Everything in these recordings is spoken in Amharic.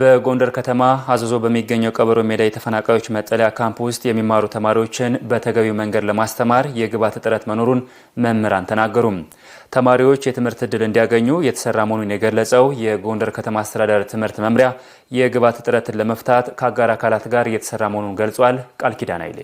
በጎንደር ከተማ አዘዞ በሚገኘው ቀበሮ ሜዳ የተፈናቃዮች መጠለያ ካምፕ ውስጥ የሚማሩ ተማሪዎችን በተገቢው መንገድ ለማስተማር የግብዓት እጥረት መኖሩን መምህራን ተናገሩም። ተማሪዎች የትምህርት እድል እንዲያገኙ የተሰራ መሆኑን የገለጸው የጎንደር ከተማ አስተዳደር ትምህርት መምሪያ የግብዓት እጥረትን ለመፍታት ከአጋር አካላት ጋር እየተሰራ መሆኑን ገልጿል። ቃል ኪዳን አይሌ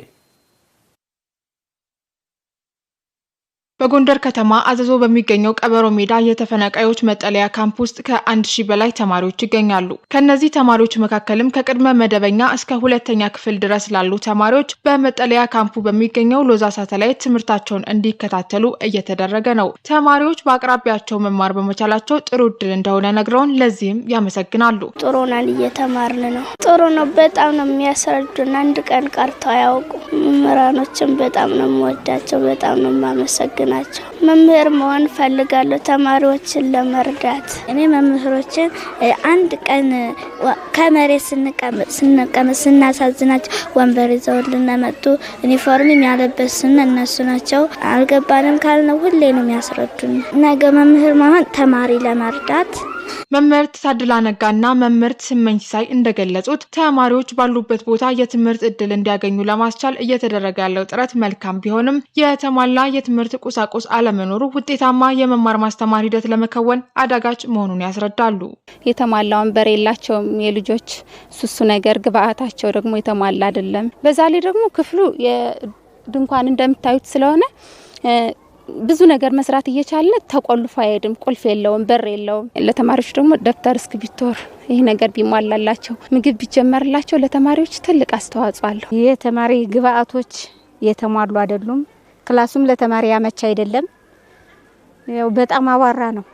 በጎንደር ከተማ አዘዞ በሚገኘው ቀበሮ ሜዳ የተፈናቃዮች መጠለያ ካምፕ ውስጥ ከአንድ ሺህ በላይ ተማሪዎች ይገኛሉ። ከእነዚህ ተማሪዎች መካከልም ከቅድመ መደበኛ እስከ ሁለተኛ ክፍል ድረስ ላሉ ተማሪዎች በመጠለያ ካምፑ በሚገኘው ሎዛ ሳተላይት ትምህርታቸውን እንዲከታተሉ እየተደረገ ነው። ተማሪዎች በአቅራቢያቸው መማር በመቻላቸው ጥሩ እድል እንደሆነ ነግረውን ለዚህም ያመሰግናሉ። ጥሩ ነን፣ እየተማርን ነው። ጥሩ ነው። በጣም ነው የሚያስረዱን። አንድ ቀን ቀርተው አያውቁ። መምህራኖችን በጣም ነው የምወዳቸው። በጣም ነው የማመሰግናል ናቸው። መምህር መሆን ፈልጋለሁ ተማሪዎችን ለመርዳት። እኔ መምህሮችን አንድ ቀን ከመሬት ስንቀመጥ ስናሳዝናቸው ወንበር ይዘውልን መጡ። ዩኒፎርም የሚያለበስን እነሱ ናቸው። አልገባንም ካልነው ሁሌ ነው የሚያስረዱን። ነገ መምህር መሆን ተማሪ ለመርዳት መምህርት ታድላ ነጋ ና መምህርት ስመኝ ሲሳይ እንደገለጹት ተማሪዎች ባሉበት ቦታ የትምህርት እድል እንዲያገኙ ለማስቻል እየተደረገ ያለው ጥረት መልካም ቢሆንም የተሟላ የትምህርት ቁሳቁስ አለመኖሩ ውጤታማ የመማር ማስተማር ሂደት ለመከወን አዳጋች መሆኑን ያስረዳሉ። የተሟላ ወንበር የላቸውም የልጆች ሱሱ ነገር ግብአታቸው ደግሞ የተሟላ አይደለም። በዛ ላይ ደግሞ ክፍሉ ድንኳን እንደምታዩት ስለሆነ ብዙ ነገር መስራት እየቻለ ተቆልፎ አይሄድም። ቁልፍ የለውም፣ በር የለውም። ለተማሪዎች ደግሞ ደብተር፣ እስክሪብቶር ይህ ነገር ቢሟላላቸው ምግብ ቢጀመርላቸው ለተማሪዎች ትልቅ አስተዋጽኦ አለሁ። የተማሪ ግብአቶች የተሟሉ አይደሉም። ክላሱም ለተማሪ ያመች አይደለም። ያው በጣም አቧራ ነው።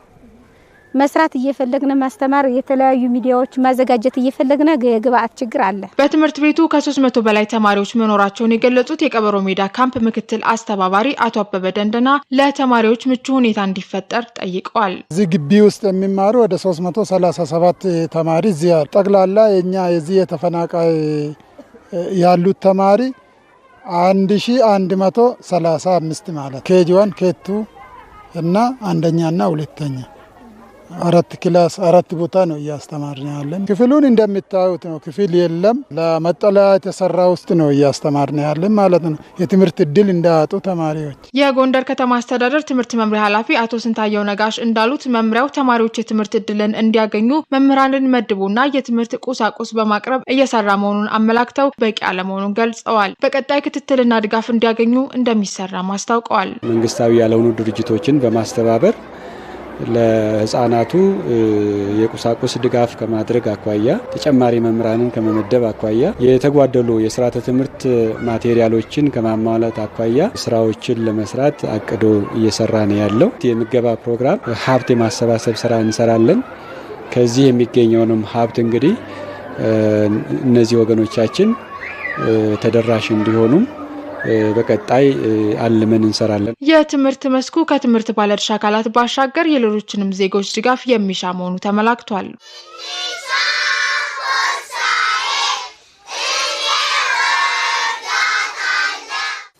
መስራት እየፈለግነ ማስተማር፣ የተለያዩ ሚዲያዎች ማዘጋጀት እየፈለግነ የግብአት ችግር አለ። በትምህርት ቤቱ ከ300 በላይ ተማሪዎች መኖራቸውን የገለጹት የቀበሮ ሜዳ ካምፕ ምክትል አስተባባሪ አቶ አበበ ደንደና ለተማሪዎች ምቹ ሁኔታ እንዲፈጠር ጠይቀዋል። እዚህ ግቢ ውስጥ የሚማሩ ወደ 337 ተማሪ እዚህ ጠቅላላ የኛ የዚህ የተፈናቃይ ያሉት ተማሪ 1135 ማለት ኬጅ ዋን ኬቱ እና አንደኛና ሁለተኛ አራት ክላስ አራት ቦታ ነው እያስተማርን ያለን። ክፍሉን እንደምታዩት ነው። ክፍል የለም፣ ለመጠለያ የተሰራ ውስጥ ነው እያስተማርን ያለን ማለት ነው። የትምህርት እድል እንዳያጡ ተማሪዎች። የጎንደር ከተማ አስተዳደር ትምህርት መምሪያ ኃላፊ አቶ ስንታየው ነጋሽ እንዳሉት መምሪያው ተማሪዎች የትምህርት እድልን እንዲያገኙ መምህራንን መድቡና የትምህርት ቁሳቁስ በማቅረብ እየሰራ መሆኑን አመላክተው በቂ አለመሆኑን ገልጸዋል። በቀጣይ ክትትልና ድጋፍ እንዲያገኙ እንደሚሰራም አስታውቀዋል። መንግስታዊ ያልሆኑ ድርጅቶችን በማስተባበር ለህፃናቱ የቁሳቁስ ድጋፍ ከማድረግ አኳያ ተጨማሪ መምህራንን ከመመደብ አኳያ የተጓደሉ የስርዓተ ትምህርት ማቴሪያሎችን ከማሟላት አኳያ ስራዎችን ለመስራት አቅዶ እየሰራ ነው ያለው። የምገባ ፕሮግራም ሀብት የማሰባሰብ ስራ እንሰራለን። ከዚህ የሚገኘውንም ሀብት እንግዲህ እነዚህ ወገኖቻችን ተደራሽ እንዲሆኑም በቀጣይ አልመን እንሰራለን። የትምህርት መስኩ ከትምህርት ባለድርሻ አካላት ባሻገር የሌሎችንም ዜጎች ድጋፍ የሚሻ መሆኑ ተመላክቷል።